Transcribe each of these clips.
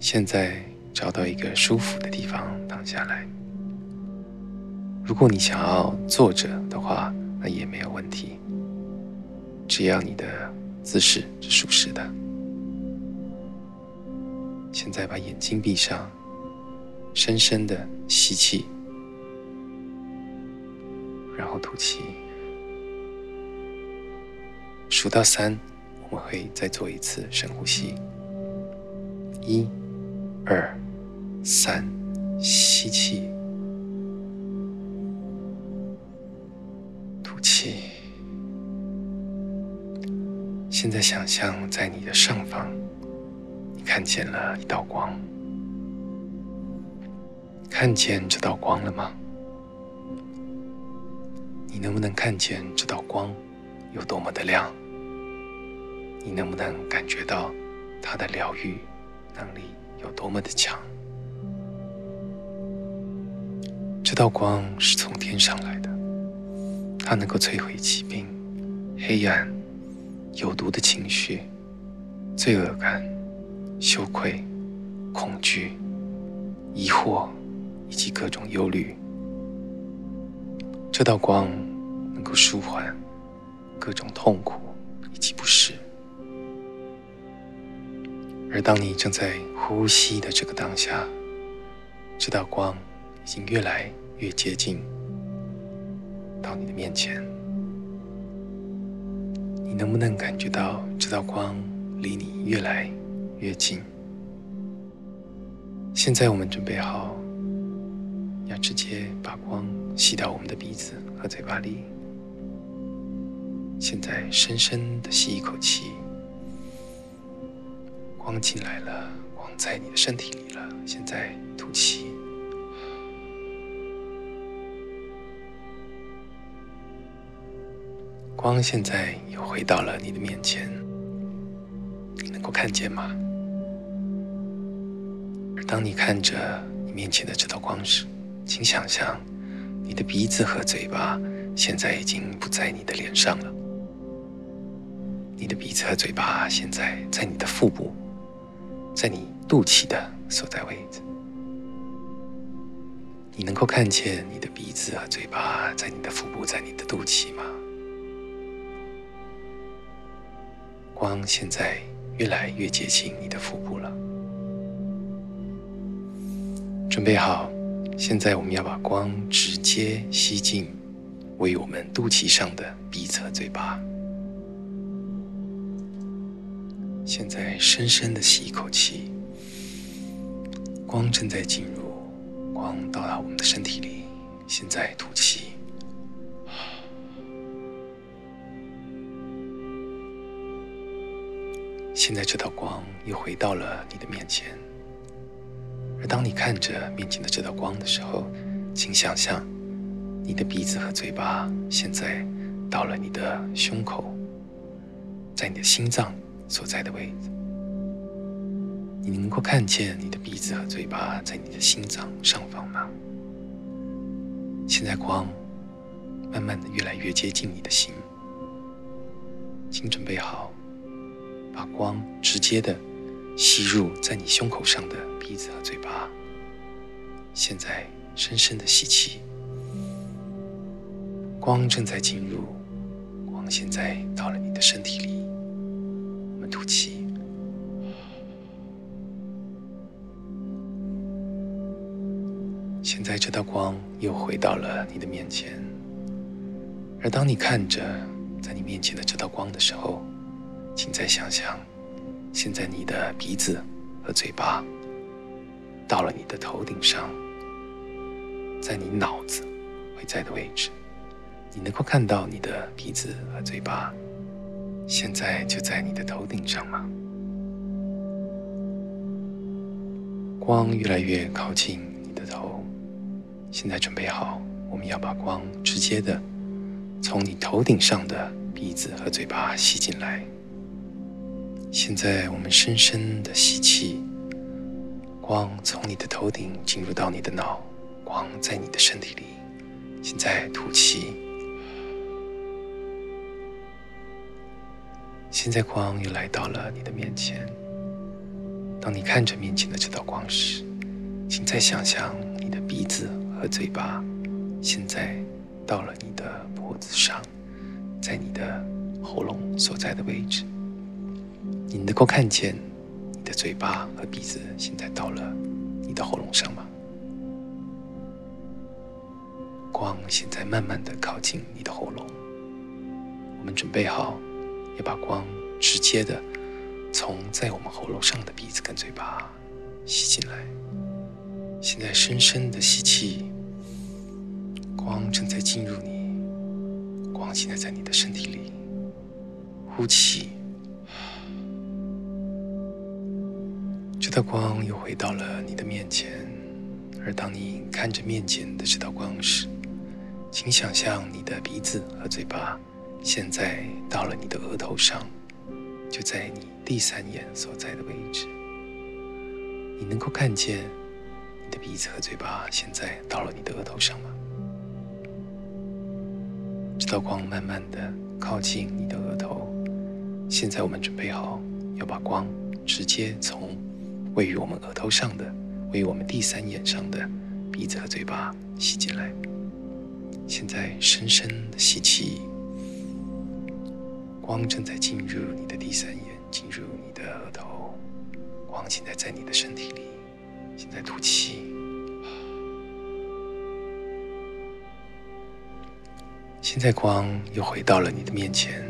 現在找到一個舒服的地方躺下來。如果你想要坐着的話，那也沒有問題。只要你的姿勢是舒適的。現在把眼睛閉上，深深的吸氣，然後吐氣。數到三，我們可以再做一次深呼吸。一。二，三，吸氣，吐氣。現在想象在你的上方，你看見了一道光。看見這道光了嗎？你能不能看見這道光有多麼的亮？你能不能感覺到它的療癒能力？有多麼的強？這道光是從天上來的，它能夠摧毀疾病、黑暗、有毒的情緒、罪惡感、羞愧、恐懼、疑惑，以及各種憂慮。這道光能夠舒緩各種痛苦以及不適。而當你正在呼吸的這個當下，這道光已經越來越接近到你的面前。你能不能感覺到這道光離你越來越近？現在我們準備好要直接把光吸到我們的鼻子和嘴巴裡。現在深深的吸一口氣。光進來了，光在你的身體裡了。現在吐氣，光現在又回到了你的面前。你能夠看見嗎？當你看着你面前的這道光時，請想象，你的鼻子和嘴巴現在已經不在你的臉上了。你的鼻子和嘴巴現在在你的腹部。在你肚臍的所在位置，你能夠看見你的鼻子和嘴巴在你的腹部，在你的肚臍嗎？光現在越來越接近你的腹部了。準備好，現在我們要把光直接吸進位於我們肚臍上的鼻子和嘴巴。現在深深的吸一口氣，光正在進入，光到達我們的身體裡。現在吐氣。現在這道光又回到了你的面前。而當你看着面前的這道光的時候，請想象，你的鼻子和嘴巴現在到了你的胸口，在你的心臟。所在的位置，你能夠看見你的鼻子和嘴巴在你的心臟上方嗎？現在光慢慢的越來越接近你的心，請準備好，把光直接的吸入在你胸口上的鼻子和嘴巴。現在深深的吸氣，光正在進入，光現在到了你的身體裡。我們吐氣。現在這道光又回到了你的面前，而當你看着在你面前的這道光的時候，請再想想，現在你的鼻子和嘴巴到了你的頭頂上，在你腦子會在的位置，你能夠看到你的鼻子和嘴巴。現在就在你的頭頂上嘛，光越來越靠近你的頭。現在準備好，我們要把光直接的從你頭頂上的鼻子和嘴巴吸進來。現在我們深深的吸氣，光從你的頭頂進入到你的腦，光在你的身體裡。現在吐氣。現在光又來到了你的面前。當你看着面前的這道光時，請再想像你的鼻子和嘴巴，現在到了你的脖子上，在你的喉嚨所在的位置。你能夠看見你的嘴巴和鼻子現在到了你的喉嚨上嗎？光現在慢慢的靠近你的喉嚨。我們準備好。也把光直接的從在我們喉嚨上的鼻子跟嘴巴吸進來。現在深深的吸氣，光正在進入你，光現在在你的身體裡。呼氣，這道光又回到了你的面前。而當你看着面前的這道光時，請想象你的鼻子和嘴巴。現在到了你的額頭上，就在你第三眼所在的位置。你能夠看見你的鼻子和嘴巴現在到了你的額頭上嗎？這道光慢慢的靠近你的額頭。現在我們準備好要把光直接從位於我們額頭上的、位於我們第三眼上的鼻子和嘴巴吸進來。現在深深的吸氣。光正在進入你的第三眼，進入你的額頭。光現在在你的身體裡。現在吐氣。現在光又回到了你的面前。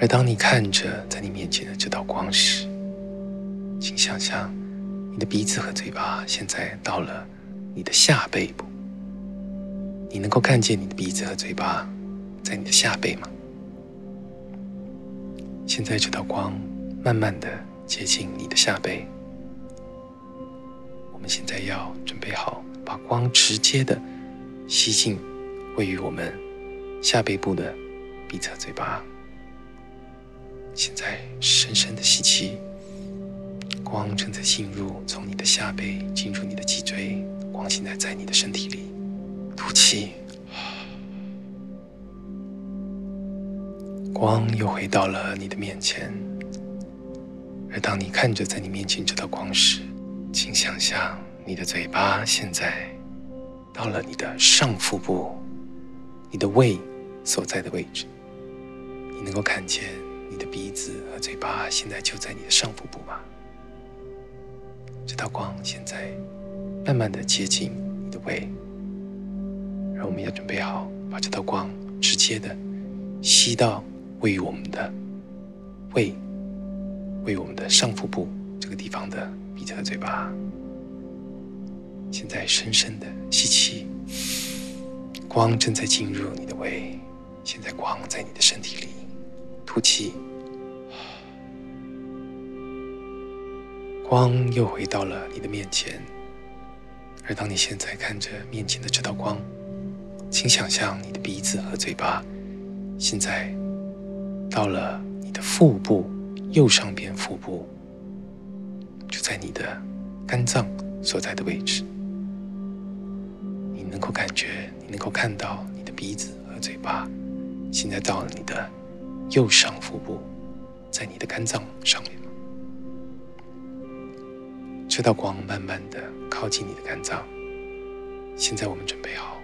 而當你看着在你面前的這道光時，請想象你的鼻子和嘴巴現在到了你的下背部。你能夠看見你的鼻子和嘴巴在你的下背嗎？現在這道光慢慢的接近你的下背，我們現在要準備好，把光直接的吸進位於我們下背部的鼻子嘴巴。現在深深的吸氣，光正在進入，從你的下背進入你的脊椎，光現在在你的身體裡。吐氣。光又回到了你的面前，而當你看着在你面前這道光時，請想象你的嘴巴現在到了你的上腹部，你的胃所在的位置。你能夠看見你的鼻子和嘴巴現在就在你的上腹部嗎？這道光現在慢慢的接近你的胃，而我們要準備好把這道光直接的吸到。位於我們的胃，位於我們的上腹部這個地方的鼻子和嘴巴。現在深深的吸氣，光正在進入你的胃。現在光在你的身體裡，吐氣，光又回到了你的面前。而當你現在看着面前的這道光，請想象你的鼻子和嘴巴，現在。到了你的腹部，右上邊腹部，就在你的肝臟所在的位置。你能夠感覺，你能夠看到你的鼻子和嘴巴。現在到了你的右上腹部，在你的肝臟上面。這道光慢慢的靠近你的肝臟。現在我們準備好，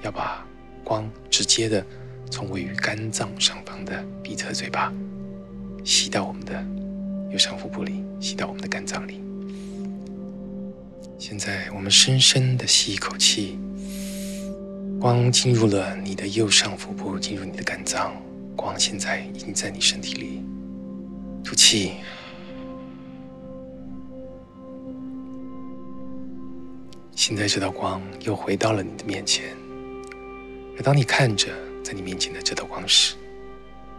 要把光直接的。從位於肝臟上方的鼻側嘴巴吸到我們的右上腹部裡，吸到我們的肝臟裡。現在我們深深的吸一口氣，光進入了你的右上腹部，進入你的肝臟。光現在已經在你身體裡。吐氣。現在這道光又回到了你的面前，而當你看着在你面前的這道光時，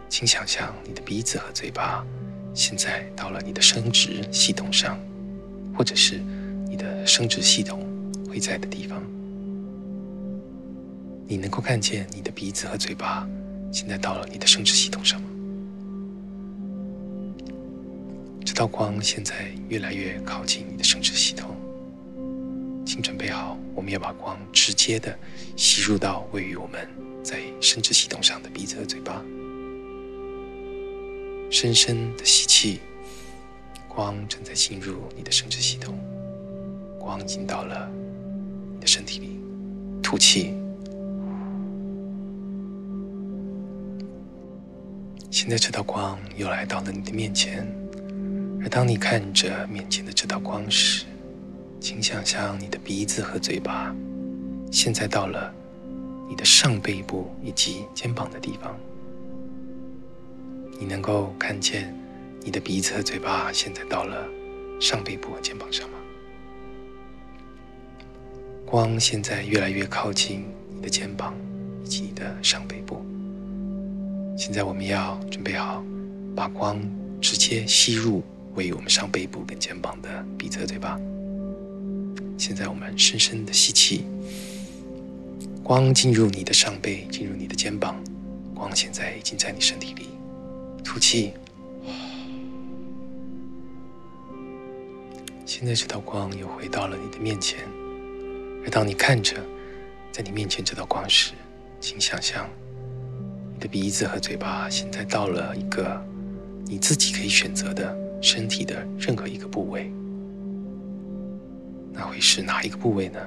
請想象你的鼻子和嘴巴現在到了你的生殖系統上，或者是你的生殖系統會在的地方。你能夠看見你的鼻子和嘴巴現在到了你的生殖系統上嗎？這道光現在越來越靠近你的生殖系統。請準備好，我們要把光直接的吸入到位於我們在生殖系統上的鼻子和嘴巴。深深的吸氣，光正在進入你的生殖系統，光已經到了你的身體裡。吐氣。現在這道光又來到了你的面前，而當你看着面前的這道光時，請想象你的鼻子和嘴巴，現在到了你的上背部以及肩膀的地方。你能夠看見你的鼻子和嘴巴現在到了上背部和肩膀上嗎？光現在越來越靠近你的肩膀以及你的上背部。現在我們要準備好，把光直接吸入位於我們上背部跟肩膀的鼻子和嘴巴。現在我們深深的吸氣，光進入你的上背，進入你的肩膀。光現在已經在你身體裡。吐氣。現在這道光又回到了你的面前。而當你看着在你面前這道光時，請想象你的鼻子和嘴巴現在到了一個你自己可以選擇的身體的任何一個部位。那會是哪一個部位呢？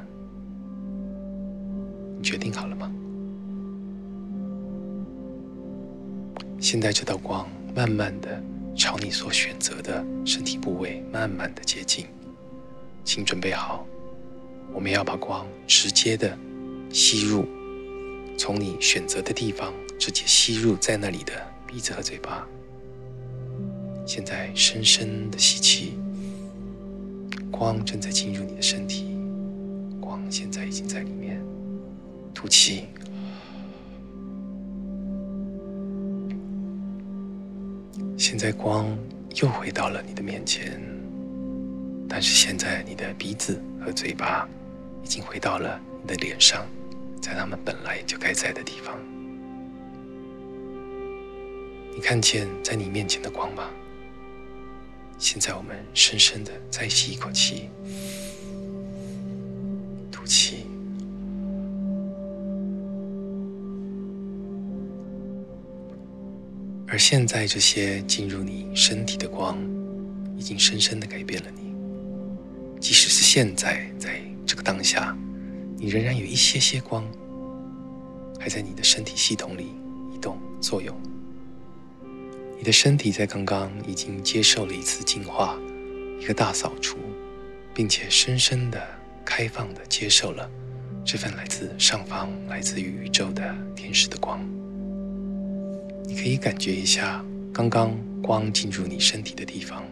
你決定好了嗎？現在這道光慢慢的朝你所選擇的身體部位慢慢的接近，請準備好，我們要把光直接的吸入，從你選擇的地方直接吸入在那裡的鼻子和嘴巴。現在深深的吸氣。光正在進入你的身體，光現在已經在裡面。吐氣。現在光又回到了你的面前，但是現在你的鼻子和嘴巴已經回到了你的臉上，在他們本來就該在的地方。你看見在你面前的光嗎？現在我們深深的再吸一口氣，吐氣。而現在這些進入你身體的光，已經深深的改變了你。即使是現在，在這個當下，你仍然有一些些光，還在你的身體系統裡移動作用。你的身體在剛剛已經接受了一次淨化，一個大掃除，並且深深的開放的接受了這份來自上方、來自於宇宙的天使的光。你可以感覺一下剛剛光進入你身體的地方。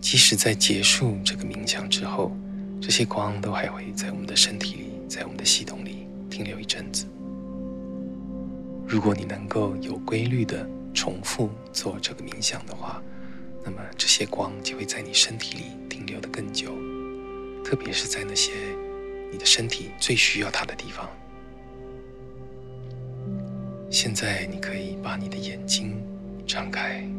即使在結束這個冥想之後，這些光都還會在我們的身體裡，在我們的系統裡停留一陣子。如果你能夠有規律的重複做這個冥想的話，那麼這些光就會在你身體裡停留得更久，特別是在那些你的身體最需要它的地方。現在你可以把你的眼睛張開。